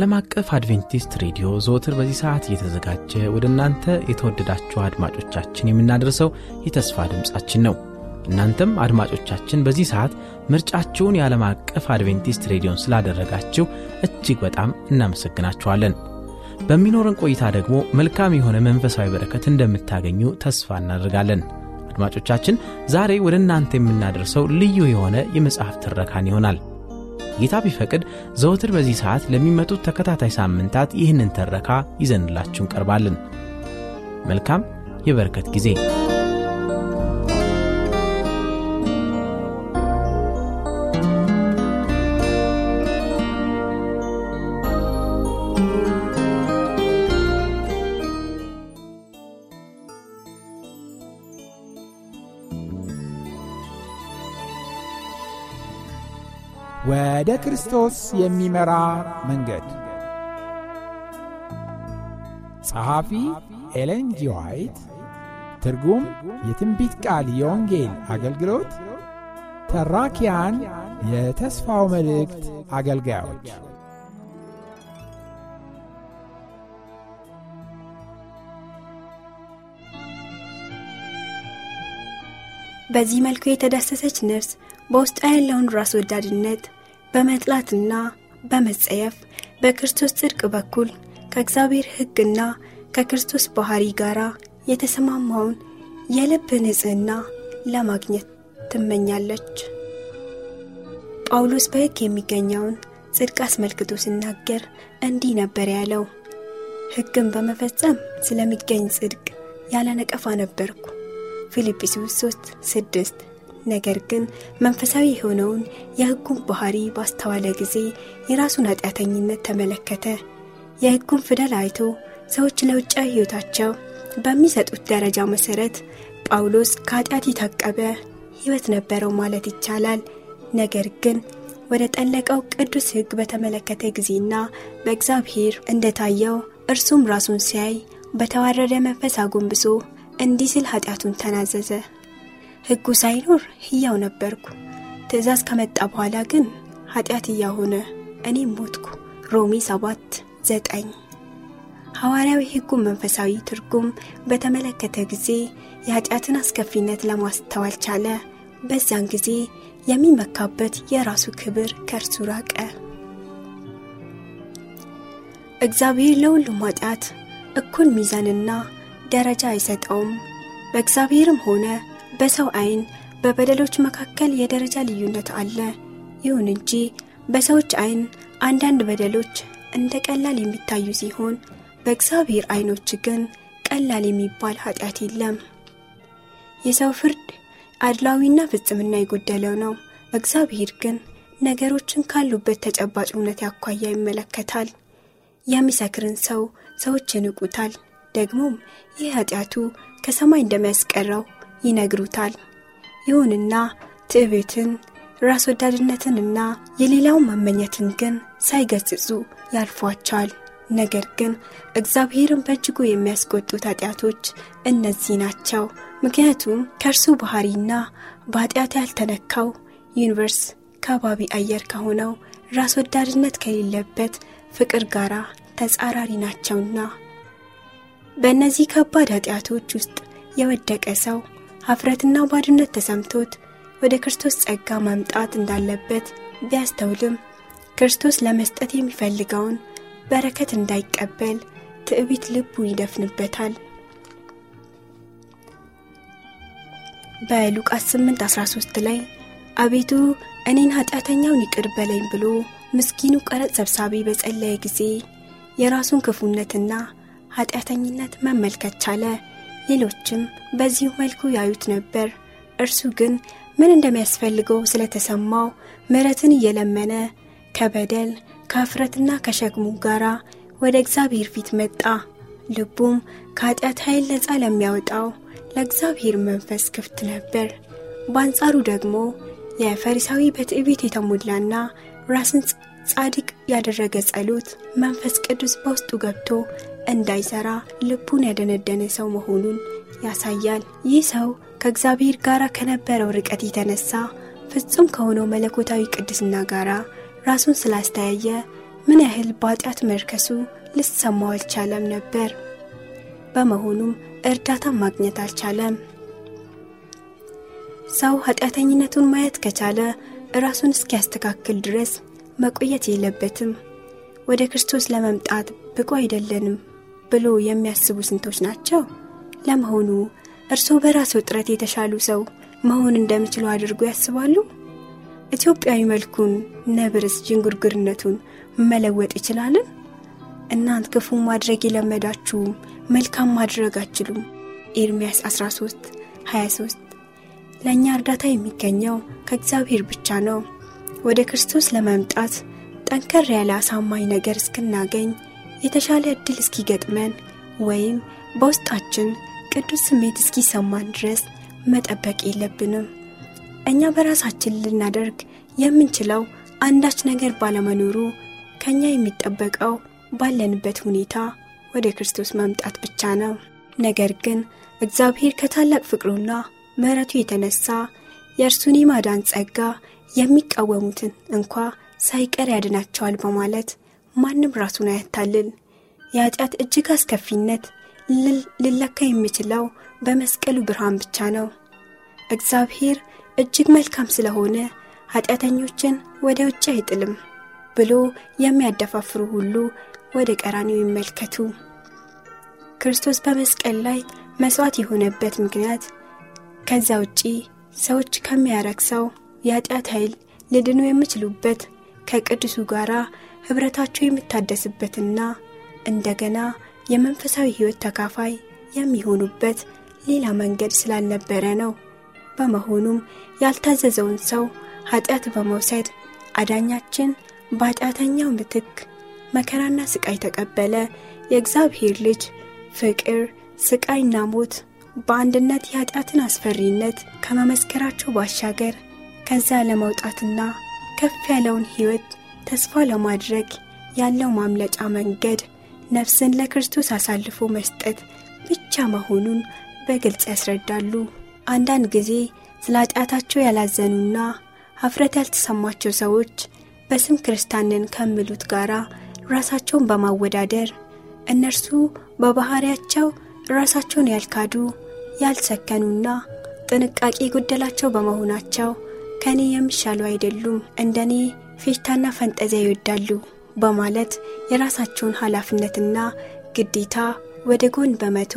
ዓለም አቀፍ አድቬንቲስት ሬዲዮ ዘወትር በዚህ ሰዓት እየተዘጋጀ ወደ እናንተ የተወደዳችሁ አድማጮቻችን የምናደርሰው የተስፋ ድምፃችን ነው። እናንተም አድማጮቻችን በዚህ ሰዓት ምርጫችሁን የዓለም አቀፍ አድቬንቲስት ሬዲዮን ስላደረጋችሁ እጅግ በጣም እናመሰግናችኋለን። በሚኖረን ቆይታ ደግሞ መልካም የሆነ መንፈሳዊ በረከት እንደምታገኙ ተስፋ እናደርጋለን። አድማጮቻችን ዛሬ ወደ እናንተ የምናደርሰው ልዩ የሆነ የመጽሐፍ ትረካን ይሆናል። ጌታ ቢፈቅድ ዘወትር በዚህ ሰዓት ለሚመጡት ተከታታይ ሳምንታት ይህንን ተረካ ይዘንላችሁ እንቀርባለን። መልካም የበረከት ጊዜ ወደ ክርስቶስ የሚመራ መንገድ ጸሐፊ ኤለን ትርጉም የትንቢት ቃል የወንጌል አገልግሎት ተራኪያን የተስፋው መልእክት አገልጋዮች በዚህ መልኩ የተዳሰሰች ነፍስ በውስጧ ያለውን ራስ ወዳድነት በመጥላትና በመጸየፍ በክርስቶስ ጽድቅ በኩል ከእግዚአብሔር ሕግና ከክርስቶስ ባህሪ ጋር የተሰማማውን የልብ ንጽሕና ለማግኘት ትመኛለች። ጳውሎስ በሕግ የሚገኘውን ጽድቅ አስመልክቶ ሲናገር እንዲህ ነበር ያለው፣ ሕግን በመፈጸም ስለሚገኝ ጽድቅ ያለ ነቀፋ ነበርኩ። ፊልጵስዩስ 3 6 ነገር ግን መንፈሳዊ የሆነውን የሕጉን ባህሪ ባስተዋለ ጊዜ የራሱን ኃጢአተኝነት ተመለከተ። የሕጉን ፊደል አይቶ ሰዎች ለውጫዊ ሕይወታቸው በሚሰጡት ደረጃ መሠረት ጳውሎስ ከኃጢአት የታቀበ ሕይወት ነበረው ማለት ይቻላል። ነገር ግን ወደ ጠለቀው ቅዱስ ሕግ በተመለከተ ጊዜና በእግዚአብሔር እንደታየው እርሱም ራሱን ሲያይ በተዋረደ መንፈስ አጎንብሶ እንዲህ ሲል ኃጢአቱን ተናዘዘ። ሕጉ ሳይኖር ሕያው ነበርኩ። ትእዛዝ ከመጣ በኋላ ግን ኃጢአት እያሆነ እኔም ሞትኩ። ሮሚ 79 ዘጠኝ ሐዋርያዊ ሕጉን መንፈሳዊ ትርጉም በተመለከተ ጊዜ የኃጢአትን አስከፊነት ለማስተዋል ቻለ። በዚያን ጊዜ የሚመካበት የራሱ ክብር ከእርሱ ራቀ። እግዚአብሔር ለሁሉም ኃጢአት እኩል ሚዛንና ደረጃ አይሰጠውም። በእግዚአብሔርም ሆነ በሰው አይን በበደሎች መካከል የደረጃ ልዩነት አለ። ይሁን እንጂ በሰዎች አይን አንዳንድ በደሎች እንደ ቀላል የሚታዩ ሲሆን በእግዚአብሔር አይኖች ግን ቀላል የሚባል ኃጢአት የለም። የሰው ፍርድ አድላዊና ፍጽምና የጎደለው ነው። እግዚአብሔር ግን ነገሮችን ካሉበት ተጨባጭ እውነት ያኳያ ይመለከታል። የሚሰክርን ሰው ሰዎች ይንቁታል። ደግሞም ይህ ኃጢአቱ ከሰማይ እንደሚያስቀረው ይነግሩታል። ይሁንና ትዕቤትን፣ ራስ ወዳድነትንና የሌላውን መመኘትን ግን ሳይገስጹ ያልፏቸዋል። ነገር ግን እግዚአብሔርን በእጅጉ የሚያስቆጡት ኃጢአቶች እነዚህ ናቸው። ምክንያቱም ከእርሱ ባህሪና በኃጢአት ያልተነካው ዩኒቨርስ ከባቢ አየር ከሆነው ራስ ወዳድነት ከሌለበት ፍቅር ጋር ተጻራሪ ናቸውና። በእነዚህ ከባድ ኃጢአቶች ውስጥ የወደቀ ሰው አፍረትና ባድነት ተሰምቶት ወደ ክርስቶስ ጸጋ ማምጣት እንዳለበት ቢያስተውልም ክርስቶስ ለመስጠት የሚፈልገውን በረከት እንዳይቀበል ትዕቢት ልቡ ይደፍንበታል። በሉቃስ 13 ላይ አቤቱ እኔን ኃጢአተኛውን ይቅር በለኝ ብሎ ምስኪኑ ቀረጥ ሰብሳቢ በጸለየ ጊዜ የራሱን ክፉነትና ኃጢአተኝነት መመልከት ቻለ። ሌሎችም በዚሁ መልኩ ያዩት ነበር። እርሱ ግን ምን እንደሚያስፈልገው ስለተሰማው ምሕረትን እየለመነ ከበደል ከእፍረትና ከሸክሙ ጋር ወደ እግዚአብሔር ፊት መጣ። ልቡም ከኃጢአት ኃይል ነፃ ለሚያወጣው ለእግዚአብሔር መንፈስ ክፍት ነበር። በአንጻሩ ደግሞ የፈሪሳዊ በትዕቢት የተሞላና ራስን ጻድቅ ያደረገ ጸሎት መንፈስ ቅዱስ በውስጡ ገብቶ እንዳይሰራ ልቡን ያደነደነ ሰው መሆኑን ያሳያል። ይህ ሰው ከእግዚአብሔር ጋር ከነበረው ርቀት የተነሳ ፍጹም ከሆነው መለኮታዊ ቅድስና ጋር ራሱን ስላስተያየ ምን ያህል በኃጢአት መርከሱ ልሰማው አልቻለም ነበር። በመሆኑም እርዳታ ማግኘት አልቻለም። ሰው ኃጢአተኝነቱን ማየት ከቻለ ራሱን እስኪያስተካክል ድረስ መቆየት የለበትም። ወደ ክርስቶስ ለመምጣት ብቁ አይደለንም። ብሎ የሚያስቡ ስንቶች ናቸው? ለመሆኑ እርስዎ በራስዎ ጥረት የተሻሉ ሰው መሆን እንደሚችሉ አድርጎ ያስባሉ? ኢትዮጵያዊ መልኩን ነብርስ ዥንጉርጉርነቱን መለወጥ ይችላልን? እናንት ክፉ ማድረግ የለመዳችሁም መልካም ማድረግ አችሉም። ኤርምያስ 13 23 ለእኛ እርዳታ የሚገኘው ከእግዚአብሔር ብቻ ነው። ወደ ክርስቶስ ለመምጣት ጠንከር ያለ አሳማኝ ነገር እስክናገኝ የተሻለ ዕድል እስኪገጥመን ወይም በውስጣችን ቅዱስ ስሜት እስኪሰማን ድረስ መጠበቅ የለብንም። እኛ በራሳችን ልናደርግ የምንችለው አንዳች ነገር ባለመኖሩ ከእኛ የሚጠበቀው ባለንበት ሁኔታ ወደ ክርስቶስ መምጣት ብቻ ነው። ነገር ግን እግዚአብሔር ከታላቅ ፍቅሩና ምሕረቱ የተነሳ የእርሱን የማዳን ጸጋ የሚቃወሙትን እንኳ ሳይቀር ያድናቸዋል በማለት ማንም ራሱን አያታልል። የኃጢአት እጅግ አስከፊነት ሊለካ የሚችለው በመስቀሉ ብርሃን ብቻ ነው። እግዚአብሔር እጅግ መልካም ስለሆነ ኃጢአተኞችን ወደ ውጭ አይጥልም ብሎ የሚያደፋፍሩ ሁሉ ወደ ቀራኒው ይመልከቱ። ክርስቶስ በመስቀል ላይ መሥዋዕት የሆነበት ምክንያት ከዛ ውጪ ሰዎች ከሚያረክሰው የኃጢአት ኃይል ሊድኑ የሚችሉበት ከቅዱሱ ጋር ኅብረታቸው የምታደስበትና እንደገና የመንፈሳዊ ሕይወት ተካፋይ የሚሆኑበት ሌላ መንገድ ስላልነበረ ነው። በመሆኑም ያልታዘዘውን ሰው ኀጢአት በመውሰድ አዳኛችን በኀጢአተኛው ምትክ መከራና ስቃይ ተቀበለ። የእግዚአብሔር ልጅ ፍቅር፣ ሥቃይና ሞት በአንድነት የኀጢአትን አስፈሪነት ከመመስከራቸው ባሻገር ከዛ ለመውጣትና ከፍ ያለውን ሕይወት ተስፋ ለማድረግ ያለው ማምለጫ መንገድ ነፍስን ለክርስቶስ አሳልፎ መስጠት ብቻ መሆኑን በግልጽ ያስረዳሉ። አንዳንድ ጊዜ ስለ ኃጢአታቸው ያላዘኑና አፍረት ያልተሰማቸው ሰዎች በስም ክርስታንን ከምሉት ጋር ራሳቸውን በማወዳደር እነርሱ በባህሪያቸው ራሳቸውን ያልካዱ ያልሰከኑና ጥንቃቄ ጎደላቸው በመሆናቸው ከኔ የሚሻሉ አይደሉም፣ እንደኔ ፌሽታና ፈንጠዚያ ይወዳሉ በማለት የራሳቸውን ኃላፊነትና ግዴታ ወደ ጎን በመቶ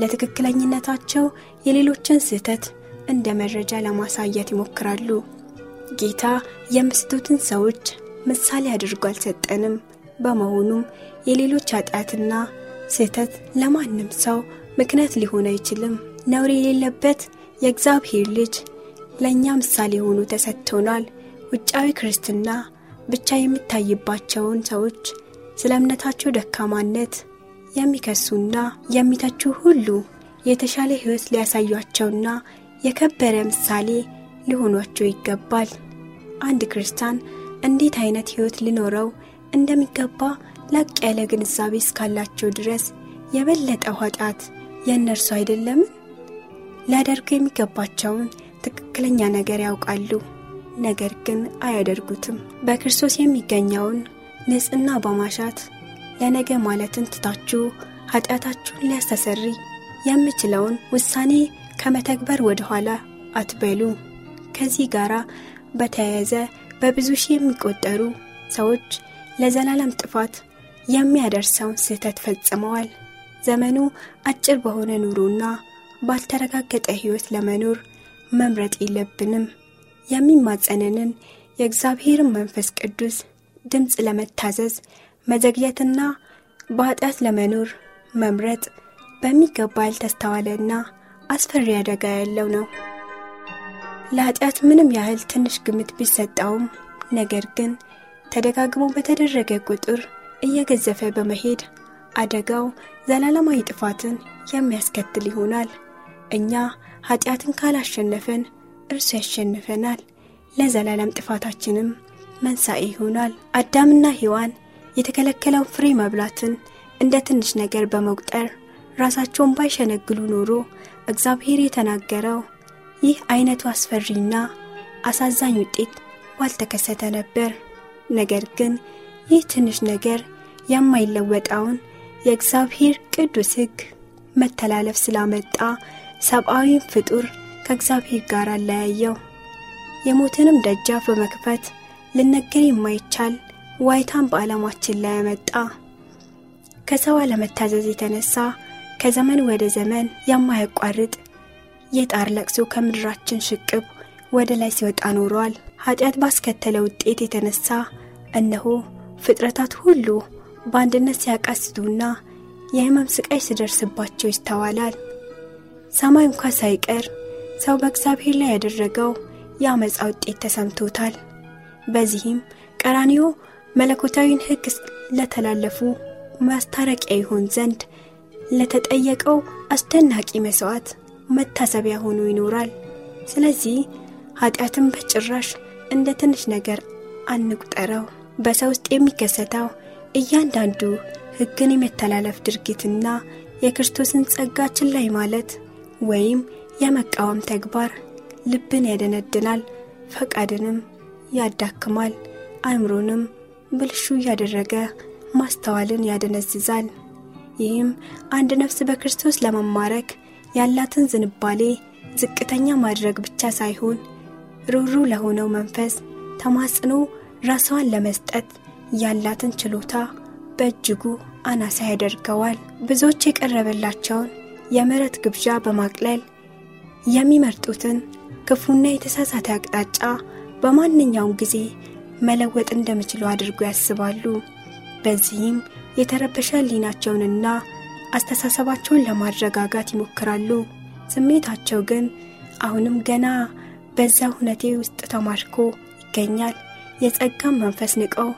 ለትክክለኝነታቸው የሌሎችን ስህተት እንደ መረጃ ለማሳየት ይሞክራሉ። ጌታ የምስቱትን ሰዎች ምሳሌ አድርጎ አልሰጠንም። በመሆኑም የሌሎች አጣትና ስህተት ለማንም ሰው ምክንያት ሊሆን አይችልም። ነውር የሌለበት የእግዚአብሔር ልጅ ለእኛ ምሳሌ ሆኖ ተሰጥቶናል። ውጫዊ ክርስትና ብቻ የሚታይባቸውን ሰዎች ስለ እምነታቸው ደካማነት የሚከሱና የሚተቹ ሁሉ የተሻለ ሕይወት ሊያሳዩአቸውና የከበረ ምሳሌ ሊሆኗቸው ይገባል። አንድ ክርስቲያን እንዴት አይነት ሕይወት ሊኖረው እንደሚገባ ላቅ ያለ ግንዛቤ እስካላቸው ድረስ የበለጠ ኃጢአት የእነርሱ አይደለምን? ሊያደርጉ የሚገባቸውን ትክክለኛ ነገር ያውቃሉ። ነገር ግን አያደርጉትም። በክርስቶስ የሚገኘውን ንጽህና በማሻት ለነገ ማለትን ትታችሁ ኃጢአታችሁን ሊያስተሰሪ የምችለውን ውሳኔ ከመተግበር ወደ ኋላ አትበሉ። ከዚህ ጋር በተያያዘ በብዙ ሺህ የሚቆጠሩ ሰዎች ለዘላለም ጥፋት የሚያደርሰውን ስህተት ፈጽመዋል። ዘመኑ አጭር በሆነ ኑሮና ባልተረጋገጠ ሕይወት ለመኖር መምረጥ የለብንም። የሚማጸነንን የእግዚአብሔርን መንፈስ ቅዱስ ድምፅ ለመታዘዝ መዘግየትና በኃጢአት ለመኖር መምረጥ በሚገባ ያልተስተዋለና አስፈሪ አደጋ ያለው ነው። ለኃጢአት ምንም ያህል ትንሽ ግምት ቢሰጠውም ነገር ግን ተደጋግሞ በተደረገ ቁጥር እየገዘፈ በመሄድ አደጋው ዘላለማዊ ጥፋትን የሚያስከትል ይሆናል። እኛ ኃጢአትን ካላሸነፈን እርሱ ያሸንፈናል፣ ለዘላለም ጥፋታችንም መንሳኤ ይሆናል። አዳምና ሔዋን የተከለከለው ፍሬ መብላትን እንደ ትንሽ ነገር በመቁጠር ራሳቸውን ባይሸነግሉ ኖሮ እግዚአብሔር የተናገረው ይህ አይነቱ አስፈሪና አሳዛኝ ውጤት ባልተከሰተ ነበር። ነገር ግን ይህ ትንሽ ነገር የማይለወጣውን የእግዚአብሔር ቅዱስ ሕግ መተላለፍ ስላመጣ ሰብአዊን ፍጡር ከእግዚአብሔር ጋር አለያየው። የሞትንም ደጃፍ በመክፈት ልነገር የማይቻል ዋይታን በዓለማችን ላይ ያመጣ። ከሰው አለመታዘዝ የተነሳ ከዘመን ወደ ዘመን የማያቋርጥ የጣር ለቅሶ ከምድራችን ሽቅብ ወደ ላይ ሲወጣ ኖሯል። ኃጢአት ባስከተለ ውጤት የተነሳ እነሆ ፍጥረታት ሁሉ በአንድነት ሲያቃስቱና የህመም ስቃይ ሲደርስባቸው ይስተዋላል። ሰማይ እንኳ ሳይቀር ሰው በእግዚአብሔር ላይ ያደረገው የአመፃ ውጤት ተሰምቶታል። በዚህም ቀራኒዮ መለኮታዊን ህግ ለተላለፉ ማስታረቂያ ይሆን ዘንድ ለተጠየቀው አስደናቂ መስዋዕት መታሰቢያ ሆኖ ይኖራል። ስለዚህ ኃጢአትን በጭራሽ እንደ ትንሽ ነገር አንቁጠረው። በሰው ውስጥ የሚከሰተው እያንዳንዱ ህግን የመተላለፍ ድርጊትና የክርስቶስን ጸጋ ላይ ማለት ወይም የመቃወም ተግባር ልብን ያደነድናል፣ ፈቃድንም ያዳክማል፣ አእምሮንም ብልሹ እያደረገ ማስተዋልን ያደነዝዛል። ይህም አንድ ነፍስ በክርስቶስ ለመማረክ ያላትን ዝንባሌ ዝቅተኛ ማድረግ ብቻ ሳይሆን ሩሩ ለሆነው መንፈስ ተማጽኖ ራሷን ለመስጠት ያላትን ችሎታ በእጅጉ አናሳ ያደርገዋል። ብዙዎች የቀረበላቸውን የምሕረት ግብዣ በማቅለል የሚመርጡትን ክፉና የተሳሳተ አቅጣጫ በማንኛውም ጊዜ መለወጥ እንደሚችሉ አድርጎ ያስባሉ። በዚህም የተረበሸ ሊናቸውንና አስተሳሰባቸውን ለማረጋጋት ይሞክራሉ። ስሜታቸው ግን አሁንም ገና በዛ ሁነቴ ውስጥ ተማርኮ ይገኛል። የጸጋም መንፈስ ንቀው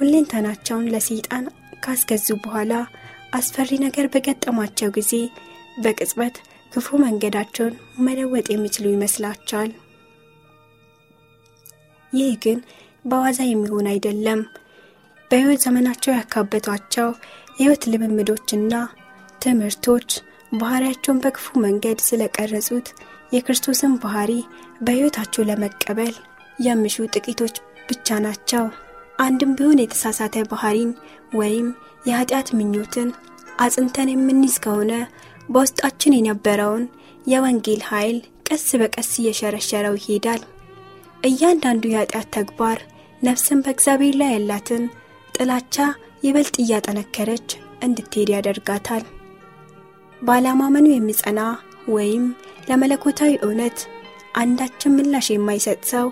ሁሌንተናቸውን ለሰይጣን ካስገዙ በኋላ አስፈሪ ነገር በገጠማቸው ጊዜ በቅጽበት ክፉ መንገዳቸውን መለወጥ የሚችሉ ይመስላቸዋል። ይህ ግን በዋዛ የሚሆን አይደለም። በሕይወት ዘመናቸው ያካበቷቸው የሕይወት ልምምዶችና ትምህርቶች ባህሪያቸውን በክፉ መንገድ ስለቀረጹት የክርስቶስን ባህሪ በሕይወታቸው ለመቀበል የምሹ ጥቂቶች ብቻ ናቸው። አንድም ቢሆን የተሳሳተ ባህሪን ወይም የኃጢአት ምኞትን አጽንተን የምንይዝ ከሆነ በውስጣችን የነበረውን የወንጌል ኃይል ቀስ በቀስ እየሸረሸረው ይሄዳል። እያንዳንዱ የኃጢአት ተግባር ነፍስን በእግዚአብሔር ላይ ያላትን ጥላቻ ይበልጥ እያጠነከረች እንድትሄድ ያደርጋታል። ባለማመኑ የሚጸና ወይም ለመለኮታዊ እውነት አንዳችን ምላሽ የማይሰጥ ሰው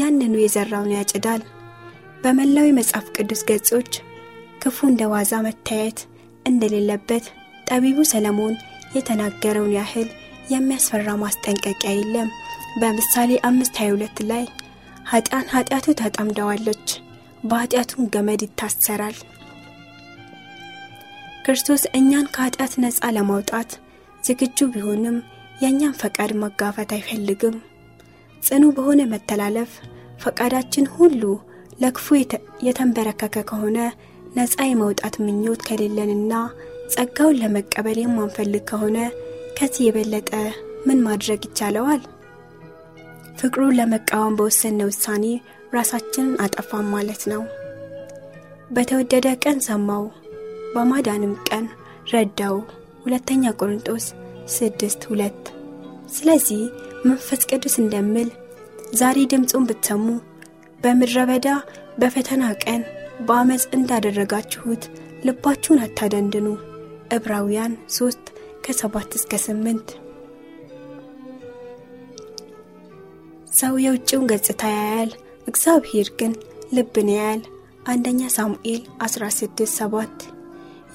ያንኑ የዘራውን ያጭዳል። በመላው የመጽሐፍ ቅዱስ ገጾች ክፉ እንደ ዋዛ መታየት እንደሌለበት ጠቢቡ ሰለሞን የተናገረውን ያህል የሚያስፈራ ማስጠንቀቂያ የለም። በምሳሌ አምስት 22 ላይ ኃጢአን ኃጢአቱ ተጠምደዋለች፣ በኃጢአቱም ገመድ ይታሰራል። ክርስቶስ እኛን ከኃጢአት ነፃ ለማውጣት ዝግጁ ቢሆንም የእኛን ፈቃድ መጋፈት አይፈልግም። ጽኑ በሆነ መተላለፍ ፈቃዳችን ሁሉ ለክፉ የተንበረከከ ከሆነ ነፃ የመውጣት ምኞት ከሌለንና ጸጋውን ለመቀበል የማንፈልግ ከሆነ ከዚህ የበለጠ ምን ማድረግ ይቻለዋል? ፍቅሩን ለመቃወም በወሰነ ውሳኔ ራሳችንን አጠፋም ማለት ነው። በተወደደ ቀን ሰማው፣ በማዳንም ቀን ረዳው። ሁለተኛ ቆርንጦስ ስድስት ሁለት ስለዚህ መንፈስ ቅዱስ እንደሚል ዛሬ ድምፁን ብትሰሙ በምድረ በዳ በፈተና ቀን በአመፅ እንዳደረጋችሁት ልባችሁን አታደንድኑ። ዕብራውያን 3 ከ7 እስከ 8 ሰው የውጭውን ገጽታ ያያል፣ እግዚአብሔር ግን ልብን ያያል። አንደኛ ሳሙኤል 16:7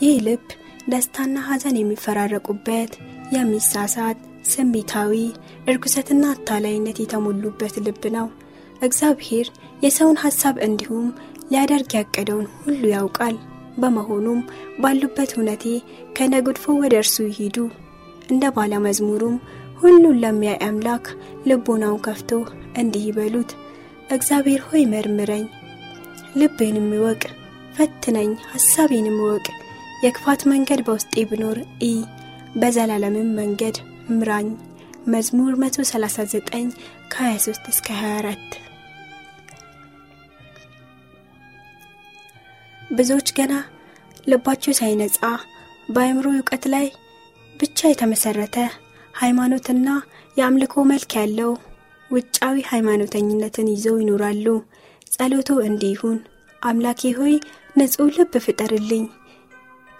ይህ ልብ ደስታና ሐዘን የሚፈራረቁበት የሚሳሳት ስሜታዊ እርጉሰትና አታላይነት የተሞሉበት ልብ ነው። እግዚአብሔር የሰውን ሐሳብ እንዲሁም ሊያደርግ ያቀደውን ሁሉ ያውቃል። በመሆኑም ባሉበት እውነቴ ከነጉድፎ ወደ እርሱ ይሂዱ። እንደ ባለ መዝሙሩም ሁሉን ለሚያይ አምላክ ልቦናውን ከፍቶ እንዲህ ይበሉት፣ እግዚአብሔር ሆይ መርምረኝ፣ ልቤንም ይወቅ ፈትነኝ፣ ሐሳቤንም ይወቅ የክፋት መንገድ በውስጤ ብኖር ኢ በዘላለምም መንገድ ምራኝ። መዝሙር 139 ከ23 እስከ 24 ብዙዎች ገና ልባቸው ሳይነጻ በአእምሮ እውቀት ላይ ብቻ የተመሰረተ ሃይማኖትና የአምልኮ መልክ ያለው ውጫዊ ሃይማኖተኝነትን ይዘው ይኖራሉ። ጸሎቶ እንዲህ ይሁን፣ አምላኬ ሆይ ንጹሕ ልብ ፍጠርልኝ፣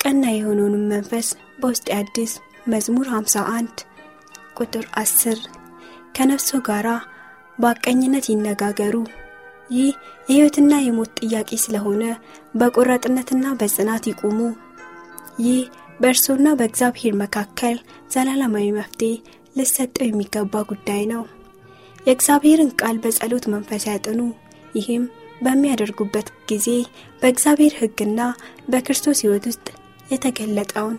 ቀና የሆነውንም መንፈስ በውስጥ አዲስ። መዝሙር 51 ቁጥር 10 ከነፍሱ ጋራ በአቀኝነት ይነጋገሩ። ይህ የሕይወትና የሞት ጥያቄ ስለሆነ በቆራጥነትና በጽናት ይቁሙ። ይህ በእርሶና በእግዚአብሔር መካከል ዘላለማዊ መፍትሄ ልሰጠው የሚገባ ጉዳይ ነው። የእግዚአብሔርን ቃል በጸሎት መንፈስ ያጥኑ። ይህም በሚያደርጉበት ጊዜ በእግዚአብሔር ሕግና በክርስቶስ ሕይወት ውስጥ የተገለጠውን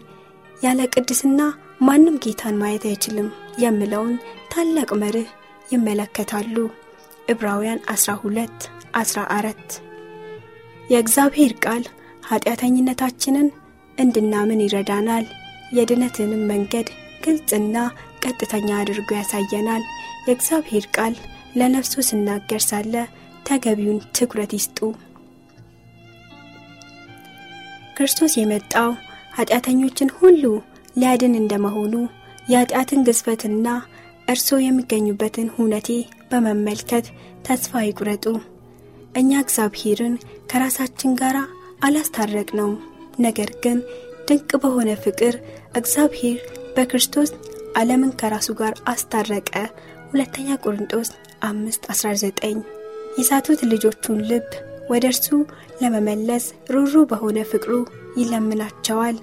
ያለ ቅድስና ማንም ጌታን ማየት አይችልም የምለውን ታላቅ መርህ ይመለከታሉ። ዕብራውያን 12 14 የእግዚአብሔር ቃል ኀጢአተኝነታችንን እንድናምን ይረዳናል። የድነትንም መንገድ ግልጽና ቀጥተኛ አድርጎ ያሳየናል። የእግዚአብሔር ቃል ለነፍሱ ስናገር ሳለ ተገቢውን ትኩረት ይስጡ። ክርስቶስ የመጣው ኀጢአተኞችን ሁሉ ሊያድን እንደመሆኑ የኀጢአትን ግዝፈትና እርስዎ የሚገኙበትን ሁነቴ በመመልከት ተስፋ ይቁረጡ። እኛ እግዚአብሔርን ከራሳችን ጋር አላስታረቅ ነው። ነገር ግን ድንቅ በሆነ ፍቅር እግዚአብሔር በክርስቶስ ዓለምን ከራሱ ጋር አስታረቀ። ሁለተኛ ቆርንጦስ 5:19 የሳቱት ልጆቹን ልብ ወደ እርሱ ለመመለስ ሩሩ በሆነ ፍቅሩ ይለምናቸዋል።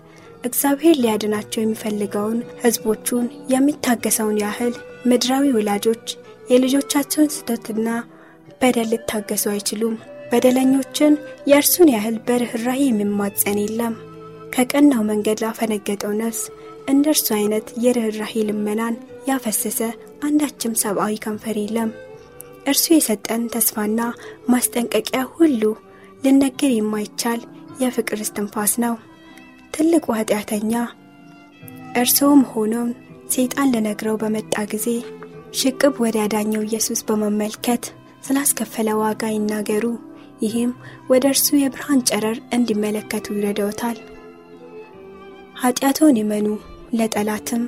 እግዚአብሔር ሊያድናቸው የሚፈልገውን ሕዝቦቹን የሚታገሰውን ያህል ምድራዊ ወላጆች የልጆቻቸውን ስህተትና በደል ልታገሱ አይችሉም። በደለኞችን የእርሱን ያህል በርኅራኄ የሚማጸን የለም። ከቀናው መንገድ ላፈነገጠው ነፍስ እንደ እርሱ አይነት የርኅራኄ ልመናን ያፈሰሰ አንዳችም ሰብአዊ ከንፈር የለም። እርሱ የሰጠን ተስፋና ማስጠንቀቂያ ሁሉ ልነገር የማይቻል የፍቅር እስትንፋስ ነው። ትልቁ ኃጢአተኛ እርስዎም ሆነውን ሰይጣን ለነግረው በመጣ ጊዜ ሽቅብ ወደ ያዳኘው ኢየሱስ በመመልከት ስላስከፈለ ዋጋ ይናገሩ። ይህም ወደ እርሱ የብርሃን ጨረር እንዲመለከቱ ይረደውታል። ኃጢአቶን ይመኑ። ለጠላትም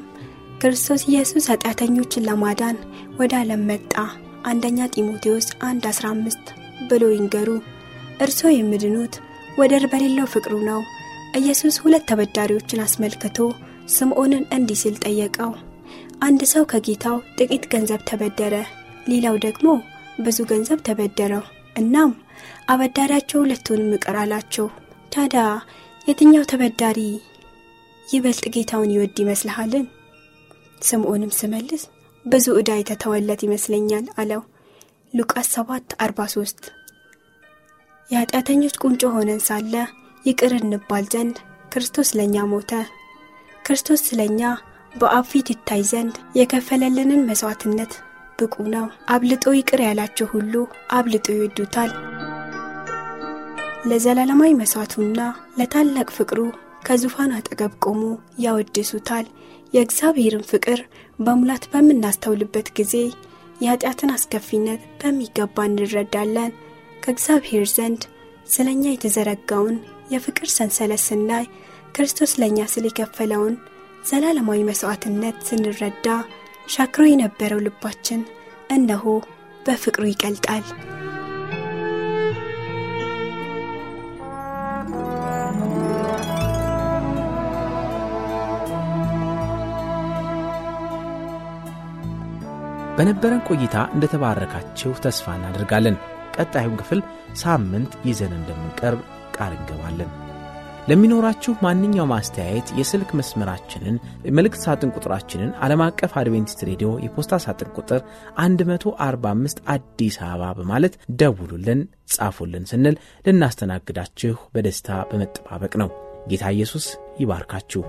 ክርስቶስ ኢየሱስ ኃጢአተኞችን ለማዳን ወደ ዓለም መጣ፣ አንደኛ ጢሞቴዎስ 15 ብሎ ይንገሩ። እርስዎ የምድኑት ወደር በሌለው ፍቅሩ ነው። ኢየሱስ ሁለት ተበዳሪዎችን አስመልክቶ ስምዖንን እንዲህ ሲል ጠየቀው። አንድ ሰው ከጌታው ጥቂት ገንዘብ ተበደረ፣ ሌላው ደግሞ ብዙ ገንዘብ ተበደረው። እናም አበዳሪያቸው ሁለቱን ይቅር አላቸው። ታዲያ የትኛው ተበዳሪ ይበልጥ ጌታውን ይወድ ይመስልሃልን? ስምዖንም ስመልስ ብዙ ዕዳ የተተወለት ይመስለኛል አለው። ሉቃስ 7 43 የኃጢአተኞች ቁንጮ ሆነን ሳለ ይቅር እንባል ዘንድ ክርስቶስ ለእኛ ሞተ። ክርስቶስ ስለ እኛ በአብ ፊት ይታይ ዘንድ የከፈለልንን መሥዋዕትነት ብቁ ነው። አብልጦ ይቅር ያላቸው ሁሉ አብልጦ ይወዱታል። ለዘላለማዊ መሥዋዕቱና ለታላቅ ፍቅሩ ከዙፋን አጠገብ ቆሞ ያወድሱታል። የእግዚአብሔርን ፍቅር በሙላት በምናስተውልበት ጊዜ የኃጢአትን አስከፊነት በሚገባ እንረዳለን። ከእግዚአብሔር ዘንድ ስለ እኛ የተዘረጋውን የፍቅር ሰንሰለት ስናይ ክርስቶስ ለእኛ ስል የከፈለውን ዘላለማዊ መሥዋዕትነት ስንረዳ ሻክሮ የነበረው ልባችን እነሆ በፍቅሩ ይቀልጣል። በነበረን ቆይታ እንደተባረካችሁ ተስፋ እናደርጋለን። ቀጣዩን ክፍል ሳምንት ይዘን እንደምንቀርብ ቃል እንገባለን። ለሚኖራችሁ ማንኛውም አስተያየት የስልክ መስመራችንን መልእክት ሳጥን ቁጥራችንን ዓለም አቀፍ አድቬንቲስት ሬዲዮ የፖስታ ሳጥን ቁጥር 145 አዲስ አበባ በማለት ደውሉልን፣ ጻፉልን ስንል ልናስተናግዳችሁ በደስታ በመጠባበቅ ነው። ጌታ ኢየሱስ ይባርካችሁ።